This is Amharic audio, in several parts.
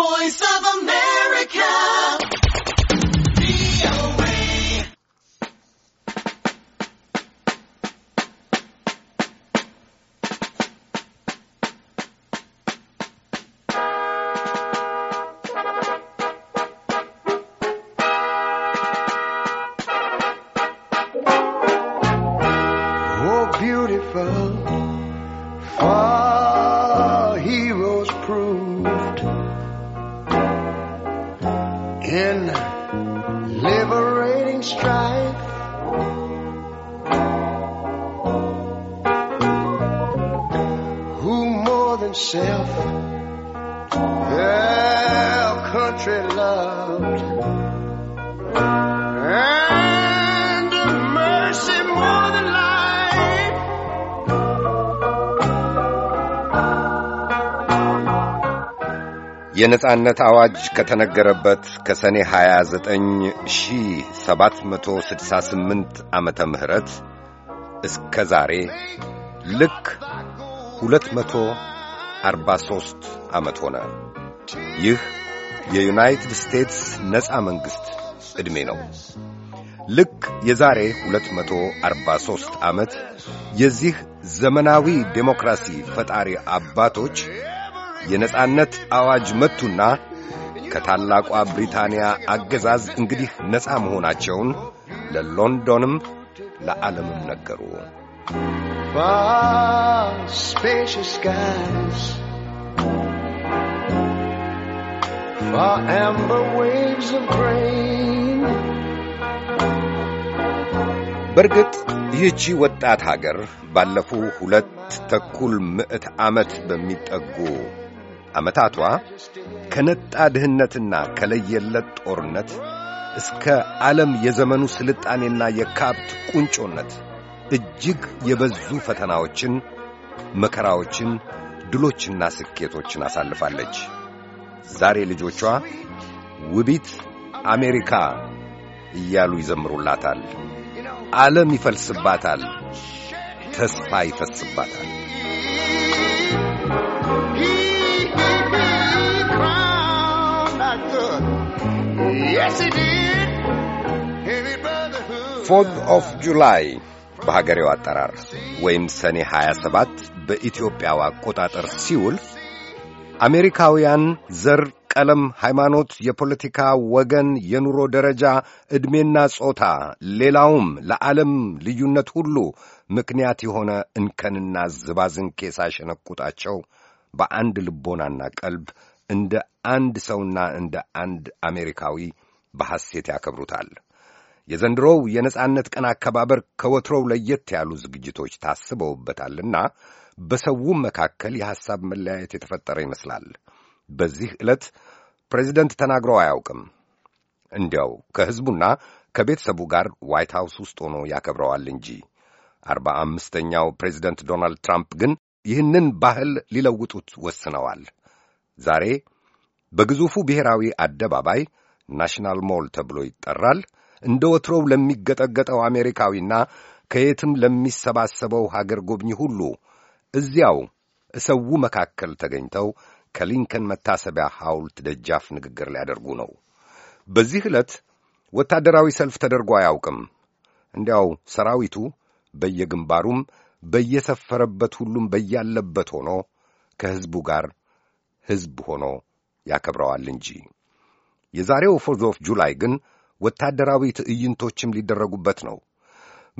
voice of America. Oh, beautiful. Oh. more than self. Yeah, country loved. And mercy more than life. የነጻነት አዋጅ ከተነገረበት ከሰኔ 29768 ዓመተ ምህረት እስከ ዛሬ ልክ ሁለት መቶ አርባ ሦስት ዓመት ሆነ። ይህ የዩናይትድ ስቴትስ ነፃ መንግሥት ዕድሜ ነው። ልክ የዛሬ 243 ዓመት የዚህ ዘመናዊ ዴሞክራሲ ፈጣሪ አባቶች የነጻነት አዋጅ መቱና ከታላቋ ብሪታንያ አገዛዝ እንግዲህ ነፃ መሆናቸውን ለሎንዶንም ለዓለምም ነገሩ። far spacious skies, far amber waves of grain. በእርግጥ ይህቺ ወጣት ሀገር ባለፉ ሁለት ተኩል ምዕት ዓመት በሚጠጉ ዓመታቷ ከነጣ ድህነትና ከለየለት ጦርነት እስከ ዓለም የዘመኑ ስልጣኔና የካብት ቁንጮነት እጅግ የበዙ ፈተናዎችን፣ መከራዎችን፣ ድሎችና ስኬቶችን አሳልፋለች። ዛሬ ልጆቿ ውቢት አሜሪካ እያሉ ይዘምሩላታል። ዓለም ይፈልስባታል፣ ተስፋ ይፈስባታል። ፎርዝ ኦፍ ጁላይ በሀገሬው አጠራር ወይም ሰኔ 27 በኢትዮጵያው አቆጣጠር ሲውል አሜሪካውያን ዘር፣ ቀለም፣ ሃይማኖት፣ የፖለቲካ ወገን፣ የኑሮ ደረጃ፣ ዕድሜና ጾታ ሌላውም ለዓለም ልዩነት ሁሉ ምክንያት የሆነ እንከንና ዝባዝንኬ ሳሸነቁጣቸው በአንድ ልቦናና ቀልብ እንደ አንድ ሰውና እንደ አንድ አሜሪካዊ በሐሴት ያከብሩታል። የዘንድሮው የነጻነት ቀን አከባበር ከወትሮው ለየት ያሉ ዝግጅቶች ታስበውበታልና በሰውም መካከል የሐሳብ መለያየት የተፈጠረ ይመስላል። በዚህ ዕለት ፕሬዚደንት ተናግረው አያውቅም። እንዲያው ከሕዝቡና ከቤተሰቡ ጋር ዋይት ሃውስ ውስጥ ሆኖ ያከብረዋል እንጂ አርባ አምስተኛው ፕሬዚደንት ዶናልድ ትራምፕ ግን ይህንን ባህል ሊለውጡት ወስነዋል። ዛሬ በግዙፉ ብሔራዊ አደባባይ ናሽናል ሞል ተብሎ ይጠራል። እንደ ወትሮው ለሚገጠገጠው አሜሪካዊና ከየትም ለሚሰባሰበው ሀገር ጎብኚ ሁሉ እዚያው እሰው መካከል ተገኝተው ከሊንከን መታሰቢያ ሐውልት ደጃፍ ንግግር ሊያደርጉ ነው። በዚህ ዕለት ወታደራዊ ሰልፍ ተደርጎ አያውቅም። እንዲያው ሰራዊቱ በየግንባሩም በየሰፈረበት ሁሉም በያለበት ሆኖ ከሕዝቡ ጋር ሕዝብ ሆኖ ያከብረዋል እንጂ የዛሬው ፎርዝ ኦፍ ጁላይ ግን ወታደራዊ ትዕይንቶችም ሊደረጉበት ነው።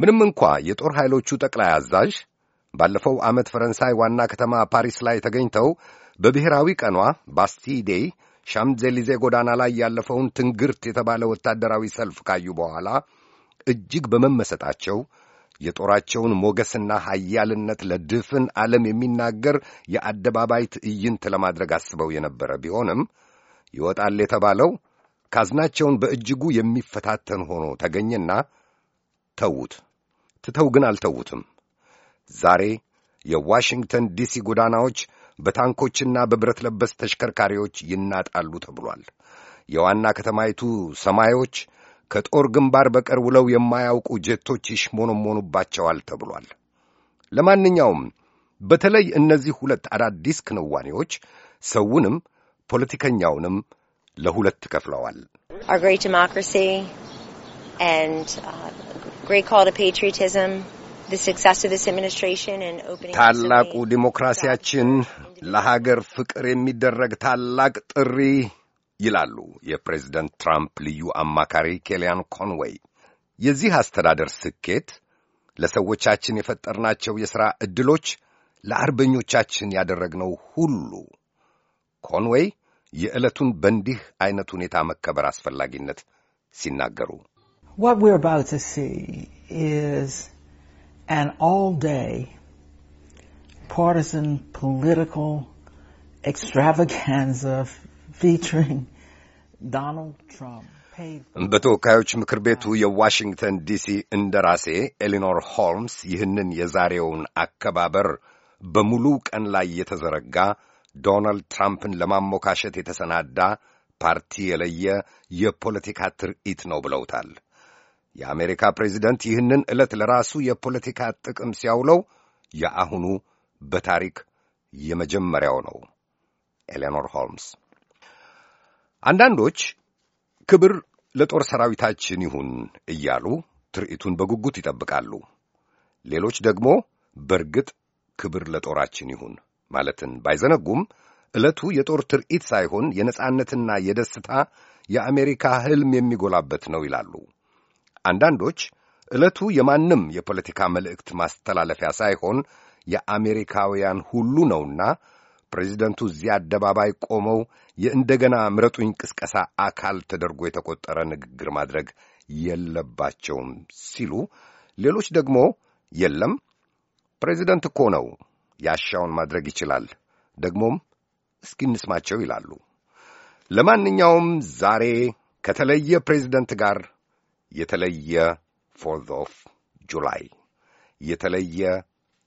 ምንም እንኳ የጦር ኃይሎቹ ጠቅላይ አዛዥ ባለፈው ዓመት ፈረንሳይ ዋና ከተማ ፓሪስ ላይ ተገኝተው በብሔራዊ ቀኗ ባስቲዴይ ሻምዘሊዜ ጎዳና ላይ ያለፈውን ትንግርት የተባለ ወታደራዊ ሰልፍ ካዩ በኋላ እጅግ በመመሰጣቸው የጦራቸውን ሞገስና ኃያልነት ለድፍን ዓለም የሚናገር የአደባባይ ትዕይንት ለማድረግ አስበው የነበረ ቢሆንም ይወጣል የተባለው ካዝናቸውን በእጅጉ የሚፈታተን ሆኖ ተገኘና ተዉት። ትተው ግን አልተዉትም። ዛሬ የዋሽንግተን ዲሲ ጎዳናዎች በታንኮችና በብረት ለበስ ተሽከርካሪዎች ይናጣሉ ተብሏል። የዋና ከተማይቱ ሰማዮች ከጦር ግንባር በቀር ውለው የማያውቁ ጀቶች ይሽሞኖሞኑባቸዋል ተብሏል። ለማንኛውም በተለይ እነዚህ ሁለት አዳዲስ ክንዋኔዎች ሰውንም ፖለቲከኛውንም ለሁለት ከፍለዋል። uh, ታላቁ ዲሞክራሲያችን ለሀገር ፍቅር የሚደረግ ታላቅ ጥሪ ይላሉ የፕሬዝደንት ትራምፕ ልዩ አማካሪ ኬልያን ኮንዌይ። የዚህ አስተዳደር ስኬት ለሰዎቻችን የፈጠርናቸው የሥራ ዕድሎች፣ ለአርበኞቻችን ያደረግነው ሁሉ ኮንዌይ የዕለቱን በእንዲህ አይነት ሁኔታ መከበር አስፈላጊነት ሲናገሩ በተወካዮች ምክር ቤቱ የዋሽንግተን ዲሲ እንደራሴ ኤሊኖር ሆልምስ ይህንን የዛሬውን አከባበር በሙሉ ቀን ላይ የተዘረጋ ዶናልድ ትራምፕን ለማሞካሸት የተሰናዳ ፓርቲ የለየ የፖለቲካ ትርኢት ነው ብለውታል። የአሜሪካ ፕሬዚደንት ይህንን ዕለት ለራሱ የፖለቲካ ጥቅም ሲያውለው የአሁኑ በታሪክ የመጀመሪያው ነው። ኤሌኖር ሆልምስ አንዳንዶች ክብር ለጦር ሰራዊታችን ይሁን እያሉ ትርኢቱን በጉጉት ይጠብቃሉ። ሌሎች ደግሞ በርግጥ ክብር ለጦራችን ይሁን ማለትን ባይዘነጉም ዕለቱ የጦር ትርኢት ሳይሆን የነጻነትና የደስታ የአሜሪካ ሕልም የሚጎላበት ነው ይላሉ። አንዳንዶች ዕለቱ የማንም የፖለቲካ መልእክት ማስተላለፊያ ሳይሆን የአሜሪካውያን ሁሉ ነውና ፕሬዚደንቱ እዚያ አደባባይ ቆመው የእንደገና ምረጡኝ ቅስቀሳ አካል ተደርጎ የተቆጠረ ንግግር ማድረግ የለባቸውም ሲሉ፣ ሌሎች ደግሞ የለም ፕሬዚደንት እኮ ነው ያሻውን ማድረግ ይችላል። ደግሞም እስኪ እንስማቸው ይላሉ። ለማንኛውም ዛሬ ከተለየ ፕሬዚደንት ጋር የተለየ ፎርዝ ኦፍ ጁላይ የተለየ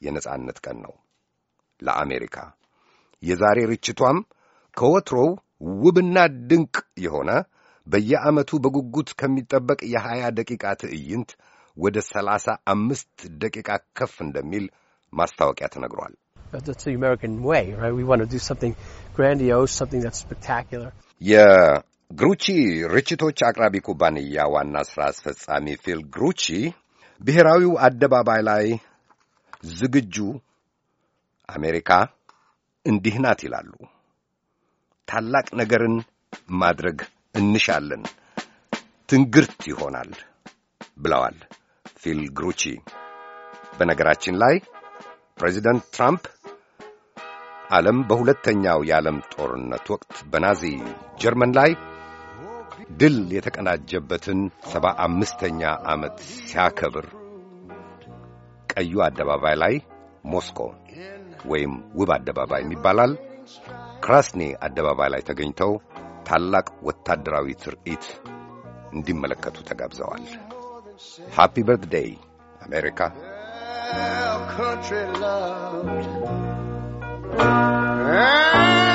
የነጻነት ቀን ነው ለአሜሪካ። የዛሬ ርችቷም ከወትሮው ውብና ድንቅ የሆነ በየዓመቱ በጉጉት ከሚጠበቅ የሀያ ደቂቃ ትዕይንት ወደ ሰላሳ አምስት ደቂቃ ከፍ እንደሚል ማስታወቂያ ተነግሯል። የግሩቺ ርችቶች አቅራቢ ኩባንያ ዋና ሥራ አስፈጻሚ ፊል ግሩቺ ብሔራዊው አደባባይ ላይ ዝግጁ አሜሪካ እንዲህ ናት ይላሉ። ታላቅ ነገርን ማድረግ እንሻለን፣ ትንግርት ይሆናል ብለዋል ፊል ግሩቺ። በነገራችን ላይ ፕሬዚደንት ትራምፕ ዓለም በሁለተኛው የዓለም ጦርነት ወቅት በናዚ ጀርመን ላይ ድል የተቀናጀበትን ሰባ አምስተኛ ዓመት ሲያከብር ቀዩ አደባባይ ላይ ሞስኮ ወይም ውብ አደባባይ ይባላል ክራስኔ አደባባይ ላይ ተገኝተው ታላቅ ወታደራዊ ትርኢት እንዲመለከቱ ተጋብዘዋል። ሃፒ በርትደይ አሜሪካ። country love Ah!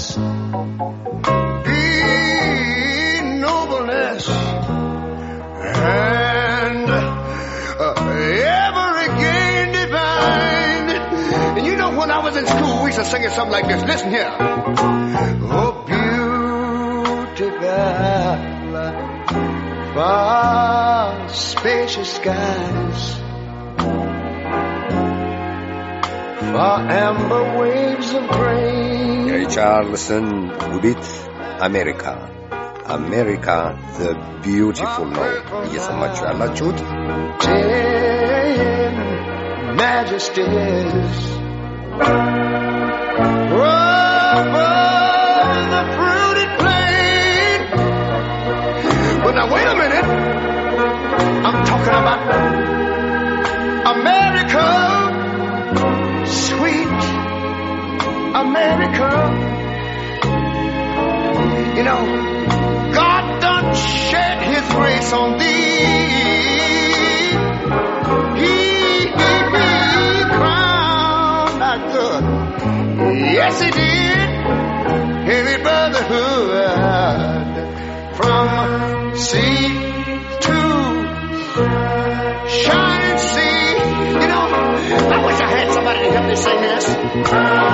nobleness. Be nobleness. And uh, ever again divine. And you know, when I was in school, we used to sing it something like this. Listen here. Oh, beautiful, far uh, spacious skies. for amber waves of grain. Gary Charleston, Ubit, America. America, the beautiful No, Yes, I'm much Ten majesties. Over the fruited plain. But now, wait a minute. I'm talking about. America. You know, God done shed his grace on thee. He he he crowned like good, yes he did, heavy brotherhood from sea to shining sea. You know, I wish I had somebody to help me sing this.